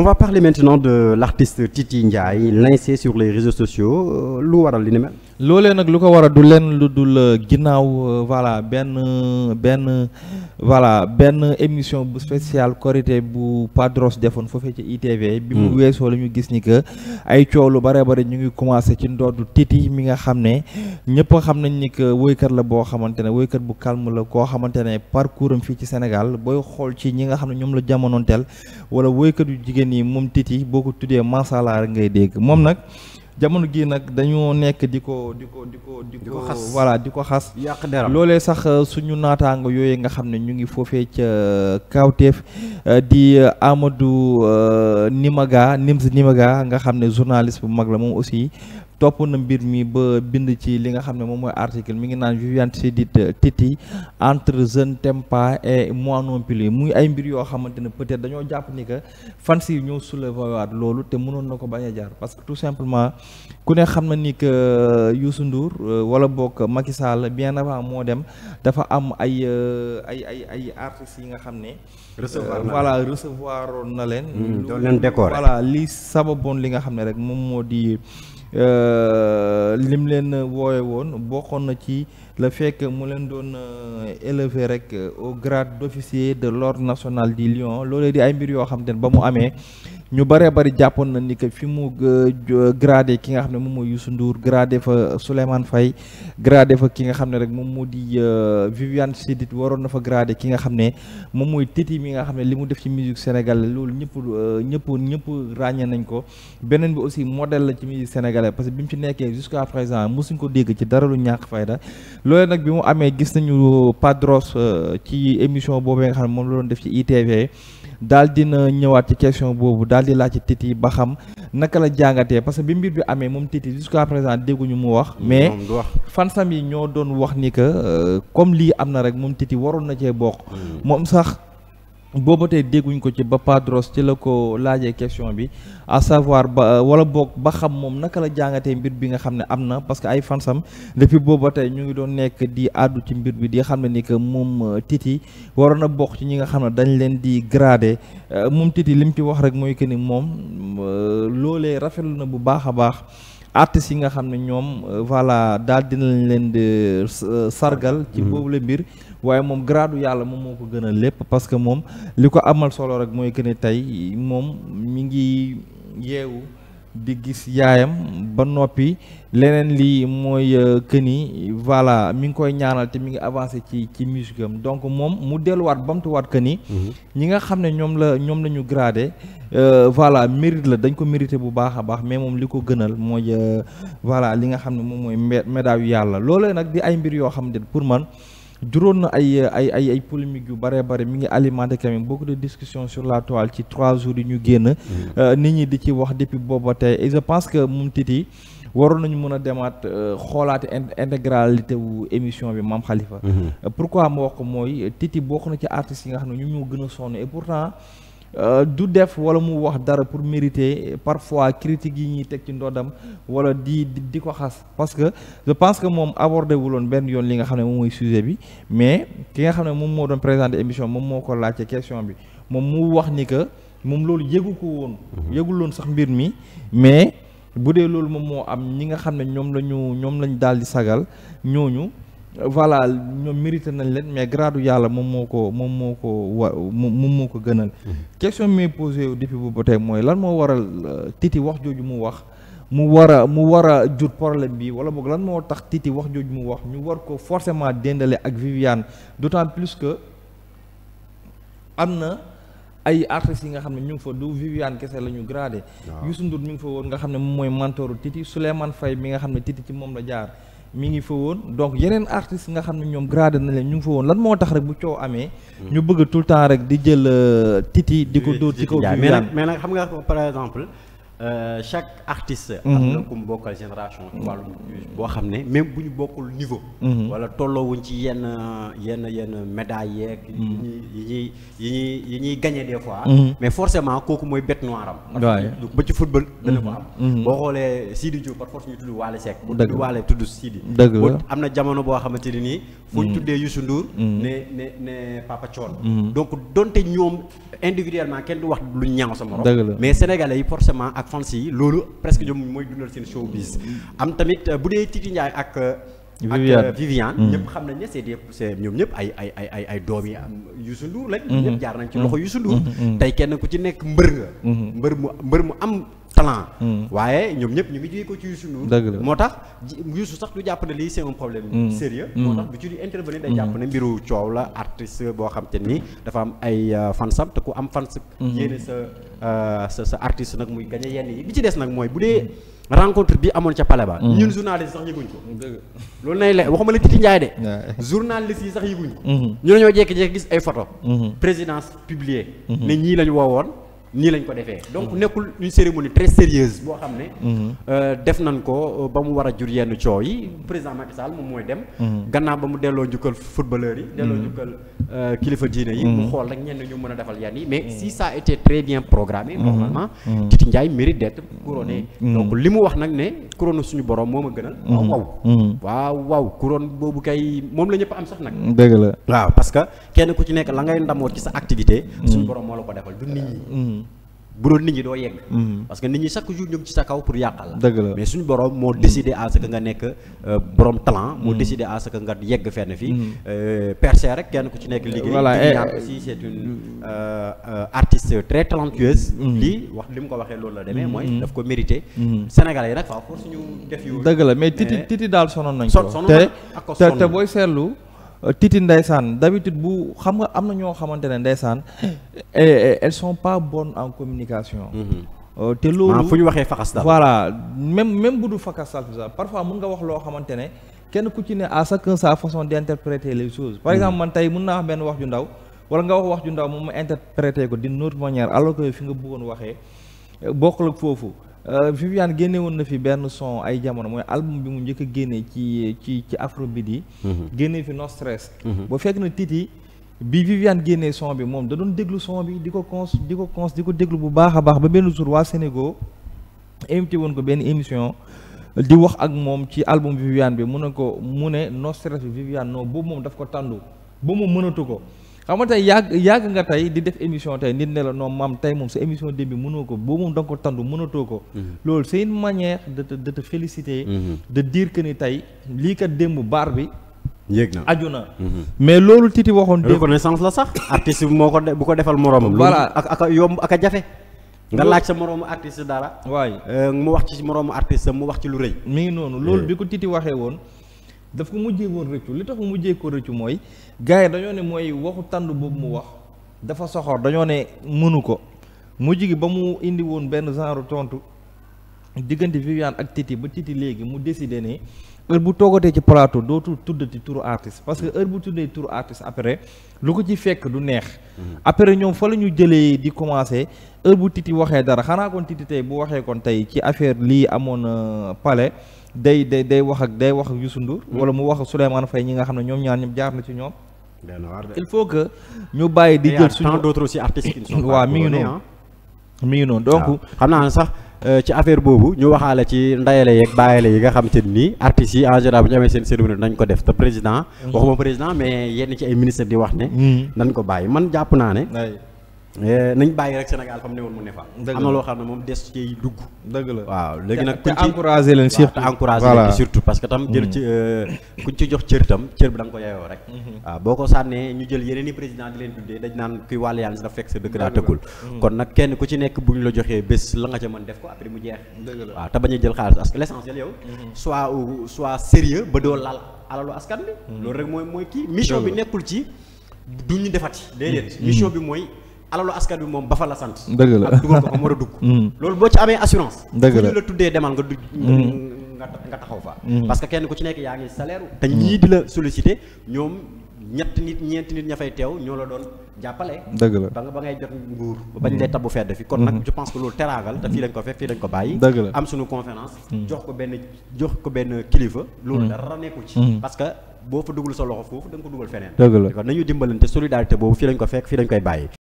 on va parler maintenant de l'artiste Titi Ndiaye lancé sur les réseaux sociaux euh, lu waral li ni mel. loolee nag lu ko war a du leen lu dul euh, ginnaaw euh, voilà benn benn voilà benn émission bu spéciale Korité bu Padros defoon foofee ci ITV. Hmm. bi mu weesoo la ñu gis ni que ay coow lu bare bare ñu ngi commencé ci ndoddu Titi mi nga xam ne ñëpp xam nañ ni que woykat la boo xamante ne woykat bu calme la koo xamante ne parcours am fii ci Sénégal booy xool ci ñi nga xam ne ñoom la jamononteel wala woykat yu jigéen yi moom Titi boo ko tuddee macha allah rek ngay dégg moom nag. jamono gi nag dañoo nekk di ko di ko di ko di ko xas voilà di ko xas yàq deram loolee sax euh, suñu naataango yooyu nga xam ne ñu ngi foofee ca euh, kawteef euh, di Amadou Nimaga Nims Nimaga nga xam ne journaliste bu mag la moom aussi topp na mbir mi ba bind ci li nga xam ne moom mooy article mi ngi naan Viviane Chidid Titi entre jeune Tempa et moi non plus muy ay mbir yoo xamante ne peut-être dañoo jàpp ni que fans yi ñoo soulevé waat loolu te mënoon na ko bañ a jaar parce que tout simplement ku ne xam na ni que euh, Youssou Ndour euh, wala bokk Macky Sall bien avant moo dem dafa am ay euh, ay ay ay artistes yi nga xam ne. recevoir voilà na leen. Hmm, doon leen décorer voilà li nga xam ne rek moom moo di. Euh, lim leen wooye woon bokkoon na ci la fekk mu leen doon euh, élever rek euh, au grade d'officier de l'ordre national du Lion loolee di ay mbir yoo xam ne ba mu amee ñu baree bari jàppoon na ni que fi mu gradé ki nga xam ne moom mooy Youssou Ndour gradé fa Souleymane fay gradé fa ki nga xam ne rek moom moo di euh, Viviane Chidid waroon na fa ki nga xam ne moom mooy Titi mi nga xam ne li mu def ci musique sénégal loolu ñëpp euh, ñëpp ñëpp ràññee nañ ko beneen bi aussi modèle la ci musique sénégalaise parce que bi mu ci nekkee jusqu'à présent mosuñ ko dégg ci dara lu ñàkk fayda loolu nag bi mu amee gis nañu Padros euh, ci émission boobu nga xam ne moom la doon def ci ITV daal dina ñëwaat ci question boobu daal di laaj ci Titi ba xam naka la jàngatee parce que bi mbir bi amee moom Titi jusqu'à présent dégguñu mu wax. Mm, mais fansam yi ñoo doon wax ni que euh, comme lii am na rek moom Titi waroon na cee bokk. Mm. moom sax. booba tey dégguñ ko ci ba ci la ko laajee question bi à savoir ba euh, wala boog ba xam moom naka la jàngatee mbir bi nga xam ne am na parce que ay fansam depuis booba tey ñu ngi doon nekk di àddu ci mbir bi di xam ne ni que moom euh, tiiti waroon na bokk ci ñi nga xam ne dañ leen di gradé euh, moom Titi lim mu ci wax rek mooy que ni moom loolee rafetlu na bu baax a baax. artistes yi nga xam ne ñoom euh, voilà daal dinañ leen di euh, sargal ci mhm. boobu la mbir waaye moom gradu yàlla moom moo ko gën a lépp parce que moom li ko amal solo rek mooy que ne tey moom mi ngi yeewu di gis yaayam ba noppi leneen li mooy euh, que ni voilà mi ngi koy ñaanal te mi ngi avancé ci ci musique am donc moom mu delluwaat bamtuwaat que ni. Mhm. ñi nga xam ne ñoom la ñoom la ñu gradé. Euh, voilà mérite la dañ ko mérité bu baax a baax mais moom li ko gënal mooy euh, voilà li nga xam ne moom mooy médaille yàlla loolee nag di ay mbir yoo xam ne pour man. juróon na ay ay ay ay polémique yu bare bare mi ngi alimenté quand même beaucoup de discussions sur la toile ci trois jours yi ñu génn mm-hmm. euh, nit ñi di ci wax depuis booba te et je pense que moom Titi waroon nañu mën a demaat euh, xoolaati intégralité wu émission bi maam xalifa Khalifa mm-hmm. euh, pourquoi ma wax ko mooy Titi bokk na ci artistes yi nga xam ne ñu ñoo gën a sonn et pourtant Euh, du def wala mu wax dara pour mériter parfois critiques yi ñuy teg ci ndoddam wala di di ko xas parce que je pense que moom abordé wuloon benn yoon li nga xam ne moom mooy sujet bi mais ki nga xam ne moom moo doon présenté émission moom moo ko laajte question bi moom mu wax ni que moom loolu yëgu ko woon mhm. yëgul woon sax mbir mi mais bu dee loolu moom moo am ñi nga xam ne ñoom la ñu ñoom lañ daal di sagal ñooñu voilà ñoom mérité nañ leen mais gradu yàlla moom moo ko moom moo ko wa moom moo ko gënal. Mm-hmm. question mi posé depuis bu ba mooy lan moo waral euh, Titi wax jooju mu wax mu war a mu war a jur problème bi wala boog lan moo tax Titi wax jooju mu wax ñu war ko forcement dendale ak Viviane d'autant plus que am na ay artistes yi nga xam ne ñu ngi fa du Viviane kese la ñu gradé. Youssou ñu ngi fa woon nga xam ne moom mooy mentoru Titi Souleymane Faye mi nga xam ne Titi ci moom la jaar. mi ngi fa woon donc yeneen artistes nga xam ne ñoom gradé na leen ñu ngi fa woon lan moo tax rek bu coow amee. Hmm. ñu bëgg tout le temps rek di jël euh, titi di ko dóor ci kaw. mais nag mais nag xam nga par exemple. Euh, chaque artiste. am mhm. na ku bokkal génération. ci boo xam ne mais bu ñu bokkul niveau. Mhm. wala tolloowuñ ci yenn yenn yenn médailles yeeg. yi mhm. ñuy yi ñuy yi ñuy fois. mais forcément kooku mooy bête noire am. ba ci football dana ko am. boo xoolee Sidi Diop par force ñu tudd Waly Seck. dëgg la bu tudd Waly tudd dëgg la am na jamono boo xamante ne nii. fu ñu mm. tuddee Youssou Ndour. Mm. ne ne ne Papa Thione. Mm. donc donte ñoom individuellement kenn du wax lu ñaaw sa morom. mais sénégalais yi forcément ak fans loolu presque ñoom mooy dundal seen showbiz. am euh, bu dee Titi Ndiaye ak. Euh, euh, Viviane ak Viviane. xam nañ ne c'est des c'est ñoom ñëpp ay ay ay ay doom yi am Youssou Ndour lañ. Mm-hmm. ñëpp jaar nañ ci loxo mm-hmm. Youssou Ndour. Mm-hmm. tey kenn ku ci nekk mbër nga. mbër mu am. plan. Hmm. waaye ñoom ñëpp ñu ngi jugee ko ci Youssou Ndour. dëgg la moo tax Youssou sax du jàpp ne lii c'est un problème. Hmm. sérieux hmm. moo tax du ci di intervenir day jàpp ne mbiru coow la artiste boo xam te ni dafa am ay euh, fansam te ku am fans. yéene sa euh, sa sa nag muy gañ yenn yi bi ci des nag mooy bu dee. rencontre bi amoon ca Palais ba. ñun journaliste sax yëguñ ko. loolu nay la waxuma la Titi Ndiaye de. journaliste yi sax yëguñ ko. ñu ne ñoo jékki-jékki gis ay photo présidence publiée. nii lañ ko defee. donc nekkul une cérémonie très sérieuse boo xam ne. Mhm. Euh, def nañ ko euh, ba mu war a jur yenn coow yi président Macky Sall moom mooy dem. Mhm. gannaaw ba mu delloo njukkal footballeur yi. delloo mhm. njukkal euh, kilifa diine yi. mu xool rek ñenn ñu mën a defal yenn yi mais si ça a été très bien programmé. normalement Titi Ndiaye mérite d'être couronné. donc li mu wax nag ne couronne suñu borom moo ma gënal. waaw waaw waaw couronne boobu kay moom la ñëpp am sax nag. dëgg la waa parce que kenn ku ci nekk la ngay ndamoo ci sa activité. suñu borom moo la ko defal du bu doon nit ñi doo yegg mhm. parce que nit ñi chaque jour ñoom ci sa kaw pour yàqal la mais suñu borom moo décidé à ce nga nekk euh, borom talent moo mhm. décidé à ce nga yegg fenn fii mhm. euh, percer rek kenn ku ci nekk liggéey voilà aussi c'est une euh, artiste très talentueuse lii wax li mu ko waxee loolu la demee mooy daf ko mérité sénégalais yi nag waaw force ñu def yu dëgg la mais titi eh. titi daal sonoon nañ ko te te booy seetlu Titi ndeysaan d'habitude bu xam nga am na ñoo xamante ne ndeysaan eh, eh, eh, elles sont pas bonnes en communication. Mm-hmm. Euh, te loolu fu ñu waxee faxas daal voilà même même bu du faxas daal parfois mën nga wax loo xamante ne kenn ku ci ne à chacun sa façon d'interpréter les choses. par exemple man tey mën naa benn wax ju ndaw wala nga wax wax ju ndaw moom ma interpréter ko d'une autre manière alors que fi nga buggoon waxee bokkul ak foofu. Euh, Viviane génne woon na fi benn son ay jamono mooy album bi mu njëkk génnee ci ci ci afrobeat yi. Mhm. génne fi No mhm. ba fekk na Titi bi Viviane génnee son bi moom da doon déglu son bi di ko cons di ko cons di ko déglu bu baax a baax ba benn jour waa Sénégal invité woon ko benn émission. di wax ak moom ci album Viviane bi mu ne ko mu ne No Stress bi Viviane non boobu moom daf ko tàndu ba mu mënatu ko. xam nga tey yàgg yàgg nga tey di def émission tey nit ne la non maam tey moom sa émission démb bi mënoo ko boo moom da ko tandu mënatoo ko mhm. loolu c'est une manière de te de te féliciter mhm. de dire que ni tey lii kat démb baar bi yéeg na aju na. Mhm. mais loolu titi waxoon. démb reconnaissance la sax. artiste bi moo bu ko defal moroomam. voilà ak ak yomb ak a jafe. nga laaj sa moroomu artiste dara. waay euh, mu wax ci moroomu artiste mu wax ci lu rëy. mi ngi noonu loolu eh. bi ko titi waxee woon. dafa ko mujjee woon rëccu li tax mu mujjee ko rëccu mooy gars dañoo ne mooy waxu tànd boobu mu wax dafa soxor dañoo ne mënu ko mujj gi ba mu indi woon benn genre tontu diggante Viviane ak Titi ba Titi léegi mu décidé ne heure bu toogatee ci plateau dootul tuddati turu artiste parce que heure bu tuddee turu artiste après lu ko ci fekk du neex. Mm-hmm. après ñoom fa la ñu jëlee di commencé heure bu titi waxee dara xanaa kon titi tey bu waxee kon tey ci affaire lii amoon euh, palais day day day wax ak day wax ak Youssou Ndour. Mm-hmm. wala mu wax ak Souleymane Faye ñi nga xam ne ñoom ñaar ñoom jaar na ci ñoom. il faut que ñu bàyyi di jël suñu. tant d'autres aussi artistes qui mi ngi noonu mi ngi noonu donc. Euh, ci affaire boobu ñu waxaale ci ndayale yeeg bàyyale yi nga xam te ni artistes yi en ñu amee seen cérémonie nañ ko def te président mm. waxuma président mais yenn ci ay ministre di wax ne mm. nañ ko bàyyi man jàpp naa ne Eh, nañ bàyyi rek Sénégal fa mu ne woon mu ne fa. am na loo xam ne moom des ci dugg. dëgg la waaw léegi nag te encouragé leen surtout te encouragé leen surtout parce que tam jël mm. euh, jox cër tam cër bi da ko yeyoo rek. Mm-hmm. waaw boo ko sànnee ñu jël yeneen i président di leen tuddee dañ naan kuy wàll yàlla si dafa fekk sa dëkk daa tëggul. Mm-hmm. kon nag kenn ku ci nekk bu ñu la joxee bés la nga ca mën def ko après mu jeex. waaw te bañ a jël xaalis parce que l' essentiel yow. Mm-hmm. soit soit sérieux ba doo laal alalu askan bi. loolu rek mooy mooy kii mission bi nekkul ci duñu defati déedéet bi mooy alalu askan bi moom ba fa la sant. dëgg la ak dugal ko am war dugg. Hmm. loolu boo ci amee assurance. dëgg la tuddee demal nga dugg. Hmm. nga taxaw fa. Hmm. parce que kenn ku ci nekk yaa ngi salaire. te ñii di la sollicité ñoom ñett nit ñeenti nit ña fay teew ñoo la doon jàppale. dëgg la ba nga ba ngay jot nguur. bañ lay tabbu fedd fi kon nag je pense que loolu teraagal te fii lañ ko fekk fii lañ ko bàyyi. dëgg la am suñu conférence. jox ko benn jox ko benn kilifa. loolu dara nekku ci. parce que boo fa dugal sa loxo foofu da nga ko dugal feneen. dëgg fii lañ ko fekk fii koy bàyyi.